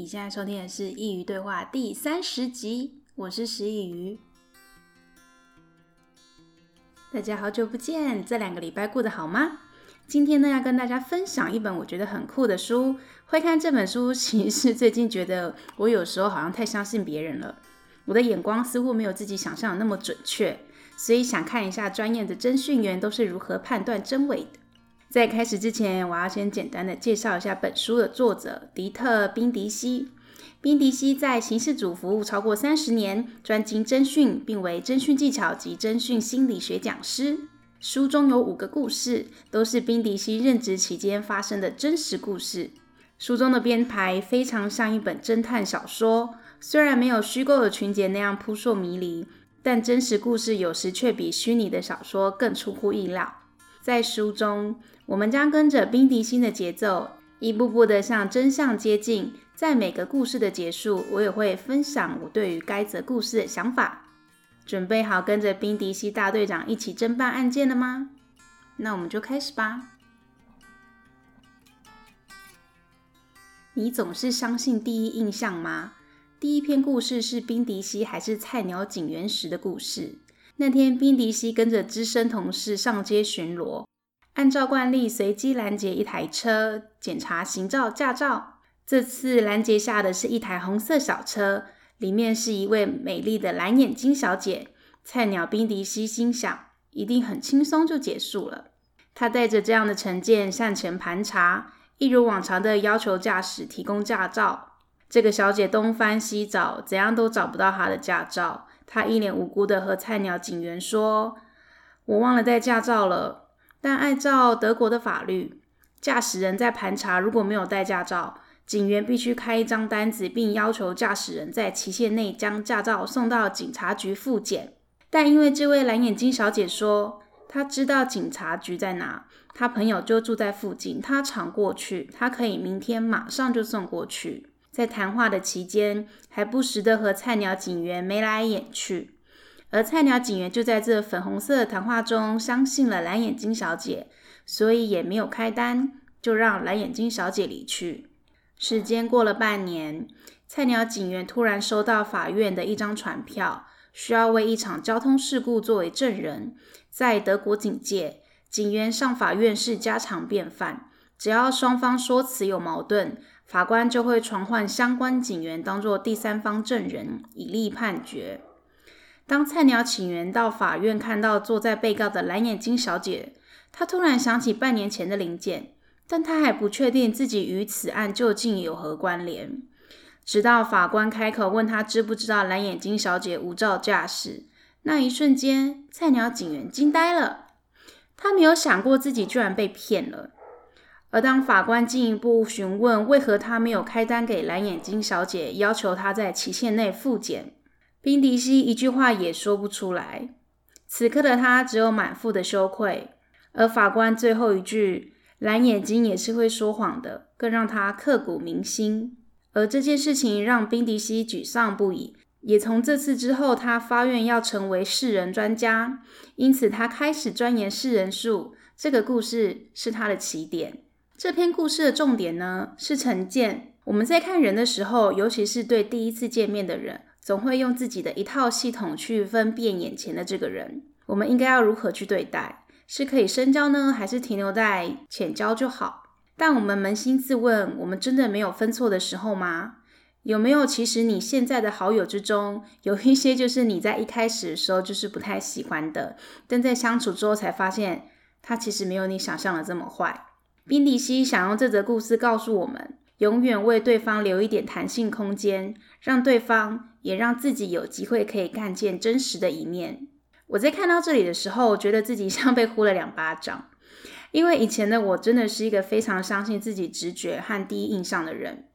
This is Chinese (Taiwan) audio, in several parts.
你現在收聽的是《佾萮對話》第三十集，我是師佾萮。大家好久不見，這兩個禮拜過得好嗎？今天呢，要跟大家分享一本我覺得很酷的書。會看這本書，其實是最近覺得我有時候好像太相信別人了，我的眼光似乎沒有自己想象的那麼準確，所以想看一下專業的偵訊員都是如何判斷真偽的。在開始之前，我要先簡單的介紹一下本書的作者迪特·賓迪西。賓迪西在刑事組服務超過三十年，專精偵訊，並為偵訊技巧及偵訊心理學講師。書中有五個故事，都是賓迪西任職期間發生的真實故事。書中的編排非常像一本偵探小說，雖然沒有虛構的情節那樣撲朔迷離，但真實故事有時卻比虛擬的小說更出乎意料。在書中，我們將跟着賓迪西的節奏，一步步的向真相接近。在每個故事的結束，我也會分享我對於該則故事的想法。準備好跟着賓迪西大隊長一起偵辦案件了嗎？那我們就開始吧。你總是相信第一印象嗎？第一篇故事是賓迪西還是菜鳥警員時的故事。那天，賓迪西跟着資深同事上街巡邏，按照慣例隨機攔截一台車，檢查行照、駕照。這次攔截下的是一台紅色小車，裡面是一位美麗的藍眼睛小姐。菜鳥賓迪西心想，一定很輕鬆就結束了。他帶着這樣的成見向前盤查，一如往常的要求駕駛提供駕照。這個小姐東翻西找，怎樣都找不到她的駕照。他一臉無辜的和菜鳥警員說：“我忘了帶駕照了。”但按照德國的法律，駕駛人在盤查如果沒有帶駕照，警員必須開一張單子，並要求駕駛人在期限內將駕照送到警察局複檢。但因為這位藍眼睛小姐說，她知道警察局在哪，她朋友就住在附近，她常過去，她可以明天馬上就送過去。在談話的期間，還不時的和菜鳥警員眉來眼去，而菜鳥警員就在這粉紅色的談話中相信了藍眼睛小姐，所以也沒有開單，就讓藍眼睛小姐離去。時間過了半年，菜鳥警員突然收到法院的一張傳票，需要為一場交通事故作為證人。在德國警界，警員上法院是家常便飯。只要雙方說辭有矛盾，法官就會傳喚相關警員當作第三方證人，以利判決。當菜鳥警員到法院看到坐在被告的藍眼睛小姐，他突然想起半年前的臨檢，但他還不確定自己與此案究竟有何關聯。直到法官開口問他知不知道藍眼睛小姐無照駕駛，那一瞬間，菜鳥警員驚呆了。他沒有想過自己居然被騙了。而當法官進一步詢問為何他沒有開單給藍眼睛小姐，要求她在期限內複檢，賓迪西一句話也說不出來。此刻的他只有滿腹的羞愧，而法官最後一句“藍眼睛也是會說謊的”，更讓他刻骨銘心。而這件事情讓賓迪西沮喪不已，也從這次之後，他發願要成為識人專家，因此他開始鑽研識人術。這個故事是他的起點。這篇故事的重點呢，是成見。我們在看人的時候，尤其是對第一次見面的人，總會用自己的一套系統去分辨眼前的這個人。我們應該要如何去對待？是可以深交呢，還是停留在淺交就好？但我們捫心自問，我們真的沒有分錯的時候嗎？有沒有？其實你現在的好友之中，有一些就是你在一開始的時候就是不太喜歡的，但在相處之後才發現，他其實沒有你想象的這麼壞。賓迪西想用這則故事告訴我們：永遠為對方留一點彈性空間，讓對方也讓自己有機會可以看見真實的一面。我在看到這裡的時候，覺得自己像被呼了兩巴掌，因為以前的我真的是一個非常相信自己直覺和第一印象的人。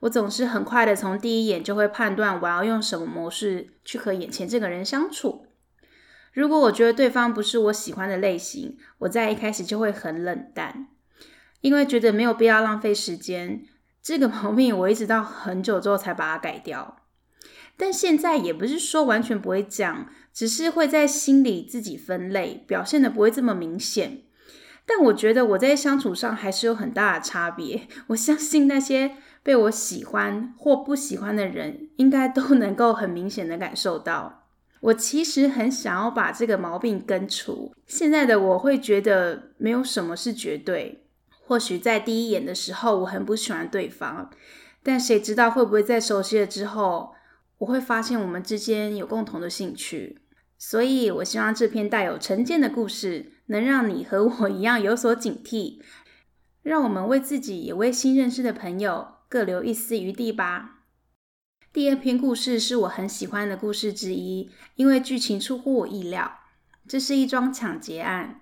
我總是很快的從第一眼就會判斷我要用什麼模式去和眼前這個人相處。如果我覺得對方不是我喜歡的類型，我在一開始就會很冷淡。因為覺得沒有必要浪費時間，這個毛病我一直到很久之後才把它改掉。但現在也不是說完全不會講，只是會在心裡自己分類，表現得不會這麼明顯。但我覺得我在相處上還是有很大的差別。我相信那些被我喜歡或不喜歡的人，應該都能夠很明顯的感受到，我其實很想要把這個毛病根除。現在的我會覺得沒有什麼是絕對。或許在第一眼的時候，我很不喜歡對方，但誰知道會不會在熟悉了之後，我會發現我們之間有共同的興趣。所以，我希望這篇帶有成見的故事能讓你和我一樣有所警惕，讓我們為自己也為新認識的朋友各留一絲餘地吧。第二篇故事是我很喜歡的故事之一，因為劇情出乎我意料。這是一樁搶劫案。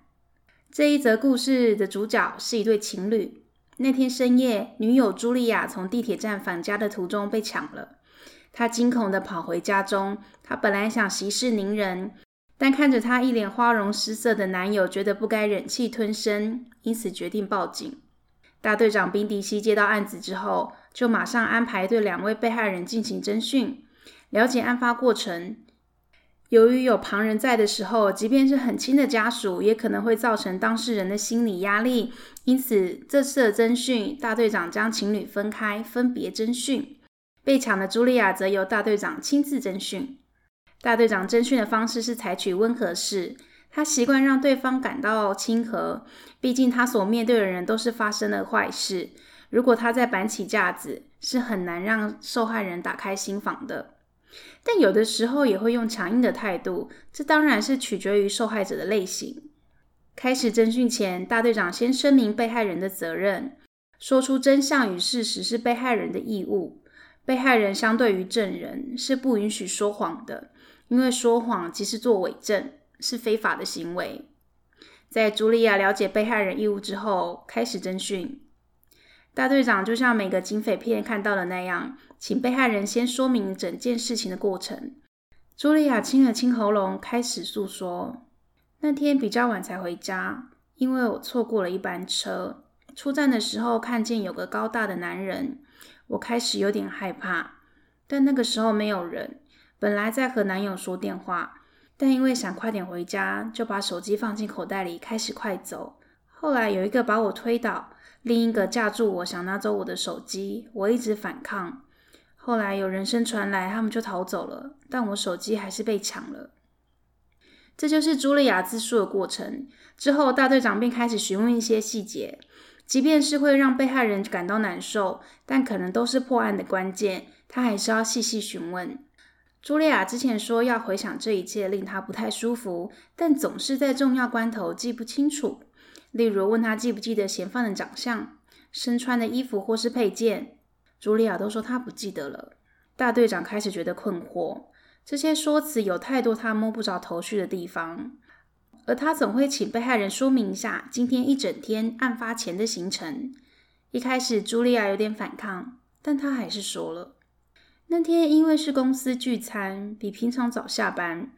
這一則故事的主角是一對情侶。那天深夜，女友茱莉亞從地鐵站返家的途中被搶了，她驚恐地跑回家中。她本來想息事寧人，但看着她一臉花容失色的男友，覺得不該忍氣吞聲，因此決定報警。大隊長賓迪西接到案子之後，就馬上安排對兩位被害人進行偵訊，了解案發過程。由於有旁人在的時候，即便是很親的家屬，也可能會造成當事人的心理壓力。因此，這次的偵訊，大隊長將情侶分開，分別偵訊。被搶的茱莉亞則由大隊長親自偵訊。大隊長偵訊的方式是採取溫和式，他習慣讓對方感到親和。畢竟他所面對的人都是發生了壞事。如果他再板起架子，是很難讓受害人打開心房的。但有的時候也會用強硬的態度，這當然是取決於受害者的類型。開始偵訊前，大隊長先聲明被害人的責任，說出真相與事實是被害人的義務。被害人相對於證人是不允許說謊的，因為說謊即是作偽證，是非法的行為。在茱莉亞了解被害人義務之後，開始偵訊。大隊長就像每個警匪片看到的那樣，請被害人先說明整件事情的過程。茱莉亞清了清喉嚨，開始訴說：那天比較晚才回家，因為我錯過了一班車。出站的時候看見有個高大的男人，我開始有點害怕。但那個時候沒有人，本來在和男友說電話，但因為想快點回家，就把手機放進口袋裡，開始快走。後來有一個把我推倒。另一個架住我，想拿走我的手機，我一直反抗。後來有人聲傳來，他們就逃走了，但我手機還是被搶了。這就是茱莉亞自述的過程。之後大隊長便開始詢問一些細節，即便是會讓被害人感到難受，但可能都是破案的關鍵，他還是要細細詢問。茱莉亞之前說要回想這一切，令她不太舒服，但總是在重要關頭記不清楚。例如問他記不記得嫌犯的長相、身穿的衣服或是配件，茱莉亞都說他不記得了。大隊長開始覺得困惑，這些說辭有太多他摸不着頭緒的地方。而他總會請被害人說明一下今天一整天案發前的行程。一開始茱莉亞有點反抗，但他還是說了：那天因為是公司聚餐，比平常早下班。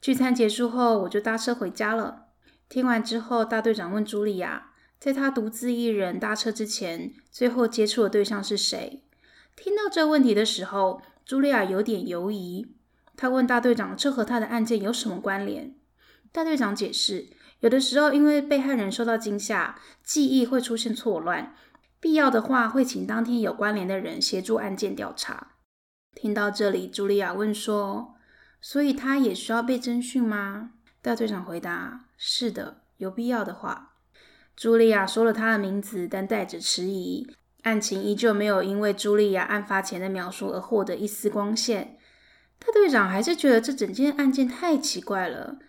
聚餐結束後，我就搭車回家了。聽完之後，大隊長問茱莉亞：“在他獨自一人搭車之前，最後接觸的對象是誰？”聽到這問題的時候，茱莉亞有點猶疑。他問大隊長：“這和他的案件有什麼關聯？”大隊長解釋：“有的時候，因為被害人受到驚嚇，記憶會出現錯亂，必要的話會請當天有關聯的人協助案件調查。”聽到這裡，茱莉亞問說：“所以他也需要被偵訊嗎？”大隊長回答：“是的，有必要的話。”茱莉亞說了她的名字，但帶着遲疑。案情依舊沒有因為茱莉亞案發前的描述而獲得一絲光線。大隊長還是覺得這整件案件太奇怪了。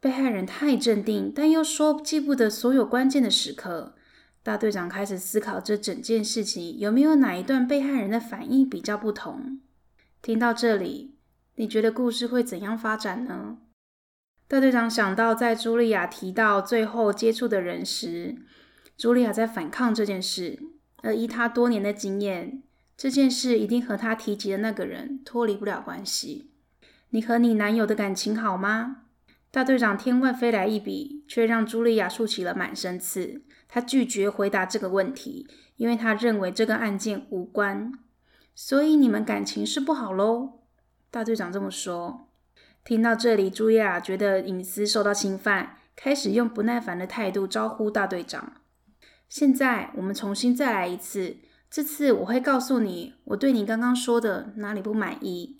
被害人太鎮定，但又說記不得所有關鍵的時刻。大隊長開始思考這整件事情有沒有哪一段被害人的反應比較不同。聽到這裡，你覺得故事會怎樣發展呢？大隊長想到，在茱莉亞提到最後接觸的人時，茱莉亞在反抗這件事。而依他多年的經驗，這件事一定和他提及的那個人脫離不了關係。你和你男友的感情好嗎？大隊長天外飛來一筆，卻讓茱莉亞豎起了滿身刺。她拒絕回答這個問題，因為她認為這跟案件無關。所以你們感情是不好嘍？大隊長這麼說。聽到這裡，朱莉亞覺得隱私受到侵犯，開始用不耐煩的態度招呼大隊長。現在，我們重新再來一次，這次我會告訴你，我對你剛剛說的哪裡不滿意。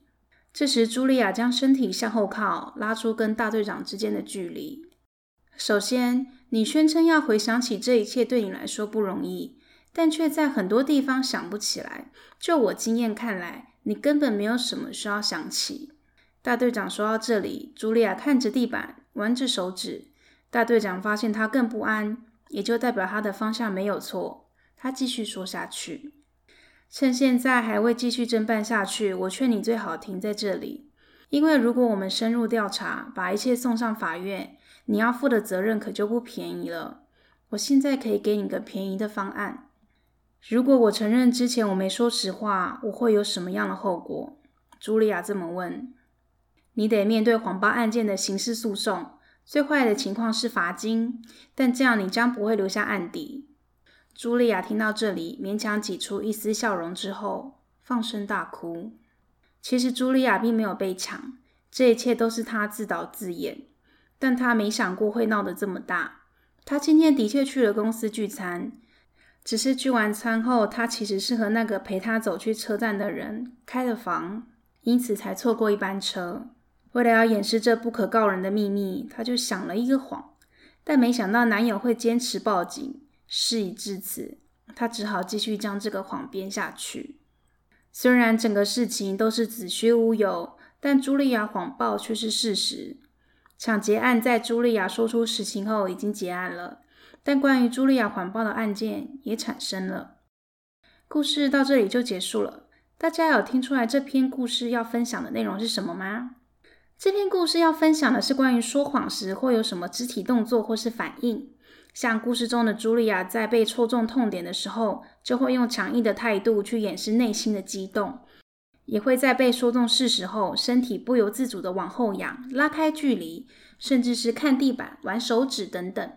這時，朱莉亞將身體向後靠，拉出跟大隊長之間的距離。首先，你宣稱要回想起這一切，對你來說不容易，但卻在很多地方想不起來。就我經驗看來，你根本沒有什麼需要想起。大隊長說到這裡，茱莉亞看着地板，玩着手指。大隊長發現她更不安，也就代表他的方向沒有錯。他繼續說下去：“趁現在還未繼續偵辦下去，我勸你最好停在這裡，因為如果我們深入調查，把一切送上法院，你要負的責任可就不便宜了。我現在可以給你個便宜的方案：如果我承認之前我沒說實話，我會有什麼樣的後果？”茱莉亞這麼問。你得面對謊報案件的刑事訴訟，最壞的情況是罰金，但這樣你將不會留下案底。茱莉亞聽到這裡，勉強擠出一絲笑容之後，放聲大哭。其實茱莉亞並沒有被搶，這一切都是她自導自演，但她沒想過會鬧得這麼大。她今天的確去了公司聚餐，只是聚完餐後，她其實是和那個陪她走去車站的人開了房，因此才錯過一班車。為了要掩飾這不可告人的秘密，她就想了一個謊，但沒想到男友會堅持報警。事已至此，她只好繼續將這個謊編下去。雖然整個事情都是子虛烏有，但茱莉亞謊報卻是事實。搶劫案在茱莉亞說出實情後已經結案了，但關於茱莉亞謊報的案件也產生了。故事到這裡就結束了。大家有聽出來這篇故事要分享的內容是什麼嗎？這篇故事要分享的是關於說謊時會有什麼肢體動作或是反應。像故事中的茱莉亞在被戳中痛點的時候，就會用強硬的態度去掩飾內心的激動，也會在被說中事實後，身體不由自主的往後仰，拉開距離，甚至是看地板、玩手指等等。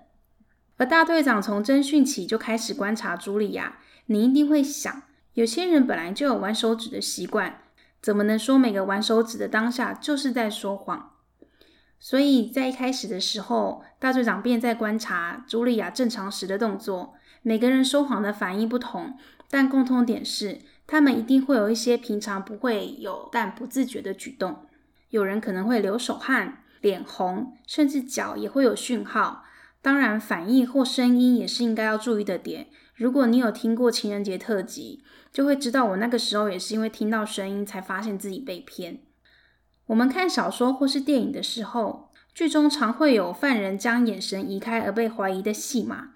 而大隊長從偵訊起就開始觀察茱莉亞，你一定會想，有些人本來就有玩手指的習慣。怎麼能說每個玩手指的當下就是在說謊？所以在一開始的時候，大隊長便在觀察茱莉亞正常時的動作。每個人說謊的反應不同，但共通點是，他們一定會有一些平常不會有但不自覺的舉動。有人可能會流手汗、臉紅，甚至腳也會有訊號。當然，反應或聲音也是應該要注意的點。如果你有聽過情人節特輯，就會知道我那個時候也是因為聽到聲音才發現自己被騙。我們看小說或是電影的時候，劇中常會有犯人將眼神移開而被懷疑的戲碼，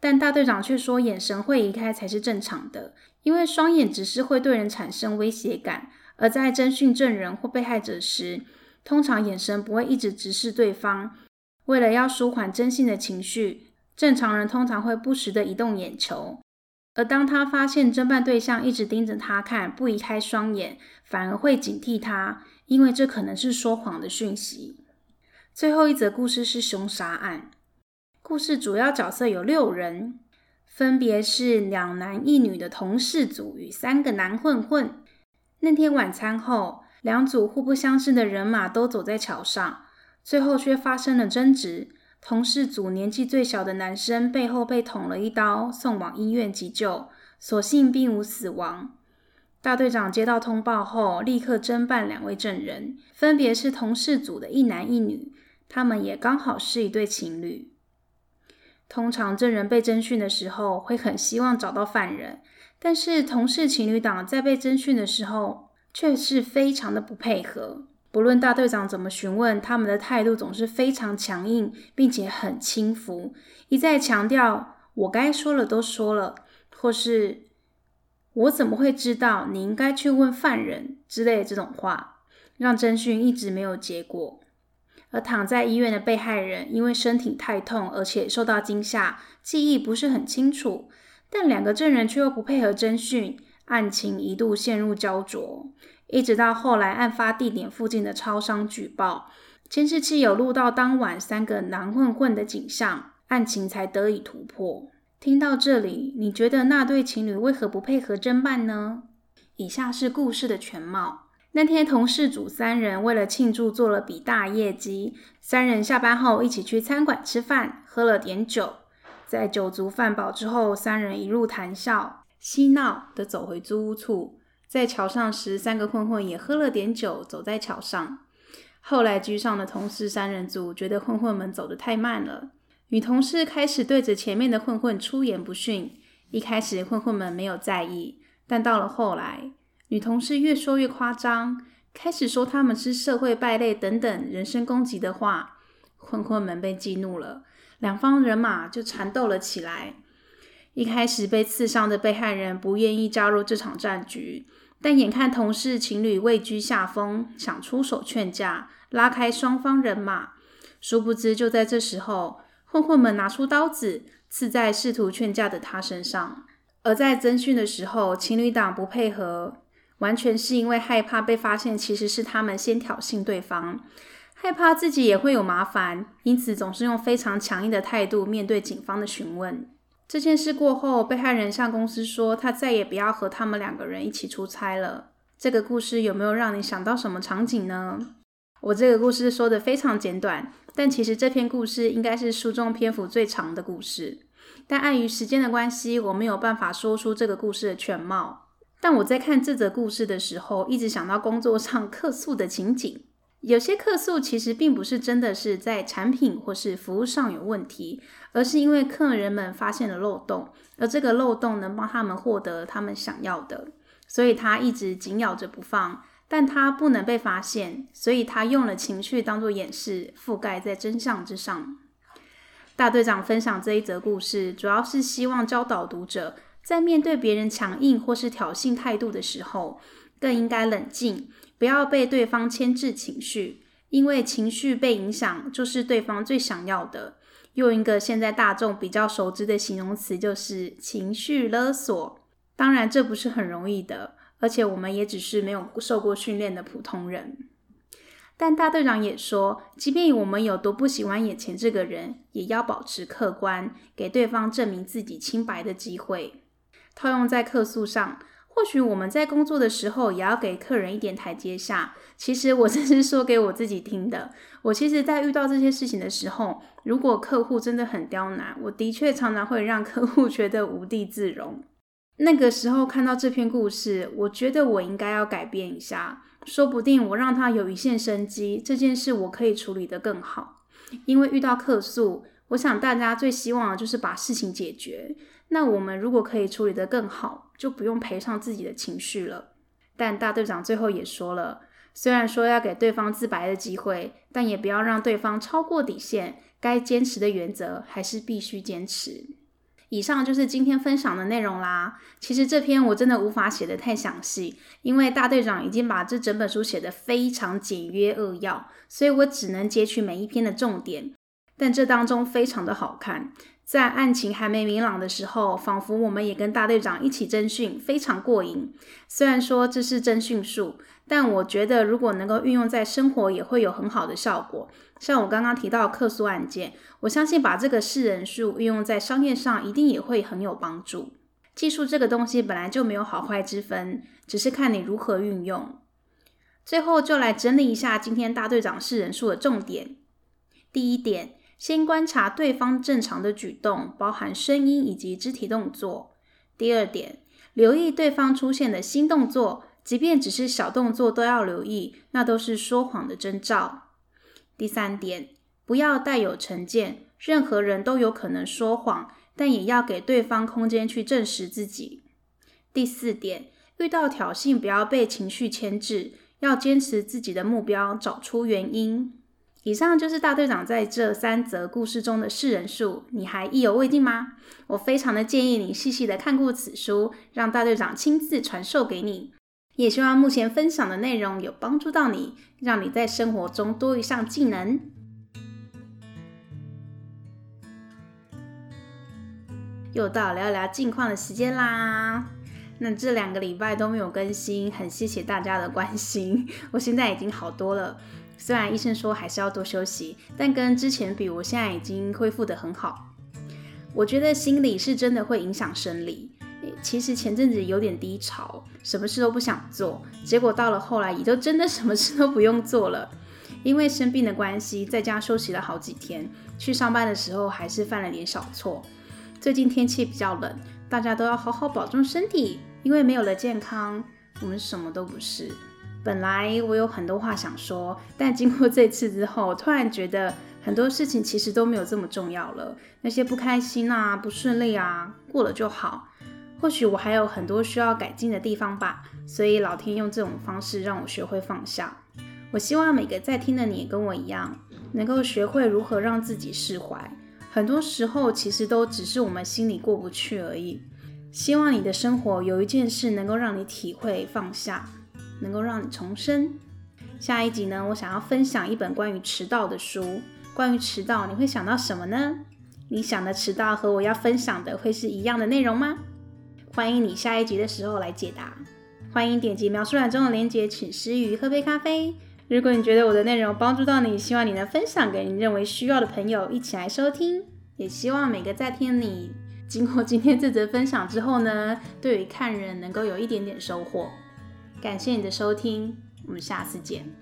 但大隊長卻說眼神會移開才是正常的，因為雙眼直視會對人產生威脅感。而在偵訊證人或被害者時，通常眼神不會一直直視對方。為了要舒緩真性的情緒，正常人通常會不時地移動眼球，而當他發現偵辦對象一直盯着他看，不移開雙眼，反而會警惕他，因為這可能是說謊的訊息。最後一則故事是凶殺案，故事主要角色有六人，分別是兩男一女的同事組與三個男混混。那天晚餐後，兩組互不相識的人馬都走在橋上。最後卻發生了爭執，同事組年紀最小的男生背後被捅了一刀，送往醫院急救，所幸並無死亡。大隊長接到通報後，立刻偵辦兩位證人，分別是同事組的一男一女，他們也剛好是一對情侶。通常證人被偵訊的時候，會很希望找到犯人，但是同事情侶檔在被偵訊的時候，卻是非常的不配合。不論大隊長怎麼詢問，他們的態度總是非常強硬，並且很輕浮，一再強調“我該說的都說了”，或是“我怎麼會知道？你應該去問犯人”之類的這種話，讓偵訊一直沒有結果。而躺在醫院的被害人因為身體太痛，而且受到驚嚇，記憶不是很清楚，但兩個證人卻又不配合偵訊，案情一度陷入焦灼。一直到後來，案發地點附近的超商舉報，監視器有錄到當晚三個男混混的景象，案情才得以突破。聽到這裡，你覺得那對情侶為何不配合偵辦呢？以下是故事的全貌。那天，同事組三人為了慶祝做了筆大業績，三人下班後一起去餐館吃飯，喝了點酒。在酒足飯飽之後，三人一路談笑嬉鬧地走回租屋處。在橋上時，三個混混也喝了點酒，走在橋上。後來居上的同事三人組覺得混混們走得太慢了，女同事開始對着前面的混混出言不遜。一開始，混混們沒有在意，但到了後來，女同事越說越誇張，開始說他們是社會敗類等等人身攻擊的話。混混們被激怒了，兩方人馬就纏鬥了起來。一開始被刺傷的被害人不願意加入這場戰局。但眼看同事情侶位居下風，想出手勸架，拉開雙方人馬，殊不知就在這時候，混混們拿出刀子刺在試圖勸架的他身上。而在偵訊的時候，情侶檔不配合，完全是因為害怕被發現，其實是他們先挑釁對方，害怕自己也會有麻煩，因此總是用非常強硬的態度面對警方的詢問。這件事過後，被害人向公司說，他再也不要和他們兩個人一起出差了。這個故事有沒有讓你想到什麼場景呢？我這個故事說得非常簡短，但其實這篇故事應該是書中篇幅最長的故事。但礙於時間的關係，我沒有辦法說出這個故事的全貌。但我在看這則故事的時候，一直想到工作上客訴的情景。有些客訴其實並不是真的是在產品或是服務上有問題，而是因為客人們發現了漏洞，而這個漏洞能幫他們獲得他們想要的，所以他一直緊咬着不放，但他不能被發現，所以他用了情緒當做掩飾，覆蓋在真相之上。大隊長分享這一則故事，主要是希望教導讀者，在面對別人強硬或是挑釁態度的時候，更應該冷靜。不要被對方牽制情緒，因為情緒被影響就是對方最想要的。用一個現在大眾比較熟知的形容詞就是情緒勒索。當然，這不是很容易的，而且我們也只是沒有受過訓練的普通人。但大隊長也說，即便我們有多不喜歡眼前這個人，也要保持客觀，給對方證明自己清白的機會。套用在客訴上。或許我們在工作的時候也要給客人一點台階下。其實我這是說給我自己聽的。我其實，在遇到這些事情的時候，如果客戶真的很刁難，我的確常常會讓客戶覺得無地自容。那個時候看到這篇故事，我覺得我應該要改變一下。說不定我讓他有一線生機，這件事我可以處理得更好。因為遇到客訴，我想大家最希望的就是把事情解決。那我們如果可以處理得更好，就不用賠上自己的情緒了。但大隊長最後也說了，雖然說要給對方自白的機會，但也不要讓對方超過底線。該堅持的原則還是必須堅持。以上就是今天分享的內容啦。其實這篇我真的無法寫得太詳細，因為大隊長已經把這整本書寫得非常簡約扼要，所以我只能截取每一篇的重點。但這當中非常的好看。在案情還沒明朗的時候，仿佛我們也跟大隊長一起偵訊，非常過癮。雖然說這是偵訊術，但我覺得如果能夠運用在生活，也會有很好的效果。像我剛剛提到的客訴案件，我相信把這個識人術運用在商業上，一定也會很有幫助。技術這個東西本來就沒有好壞之分，只是看你如何運用。最後就來整理一下今天大隊長識人術的重點。第一點。先觀察對方正常的舉動，包含聲音以及肢體動作。第二點，留意對方出現的新動作，即便只是小動作都要留意，那都是說謊的徵兆。第三點，不要帶有成見，任何人都有可能說謊，但也要給對方空間去證實自己。第四點，遇到挑釁不要被情緒牽制，要堅持自己的目標，找出原因。以上就是大隊長在這三則故事中的識人術，你還意猶未盡嗎？我非常的建議你細細的看過此書，讓大隊長親自傳授給你。也希望目前分享的內容有幫助到你，讓你在生活中多一項技能。又到了聊一聊近況的時間啦，那這兩個禮拜都沒有更新，很謝謝大家的關心，我現在已經好多了。雖然醫生說還是要多休息，但跟之前比，我現在已經恢復得很好。我覺得心理是真的會影響生理。其實前陣子有點低潮，什麼事都不想做，結果到了後來，也都真的什麼事都不用做了。因為生病的關係，在家休息了好幾天，去上班的時候還是犯了點小錯。最近天氣比較冷，大家都要好好保重身體，因為沒有了健康，我們什麼都不是。本來我有很多話想說，但經過這次之後，我突然覺得很多事情其實都沒有這麼重要了。那些不開心啊、不順利啊，過了就好。或許我還有很多需要改進的地方吧，所以老天用這種方式讓我學會放下。我希望每個在聽的你也跟我一樣，能夠學會如何讓自己釋懷。很多時候其實都只是我們心裡過不去而已。希望你的生活有一件事能夠讓你體會放下。能夠讓你重生。下一集呢，我想要分享一本關於遲到的書。關於遲到，你會想到什麼呢？你想的遲到和我要分享的會是一樣的內容嗎？歡迎你下一集的時候來解答。歡迎點擊描述欄中的鏈接，請師佾萮喝杯咖啡。如果你覺得我的內容幫助到你，希望你能分享給你認為需要的朋友一起來收聽。也希望每個在聽你經過今天這則分享之後呢，對於看人能夠有一點點收穫。感謝你的收聽，我們下次見。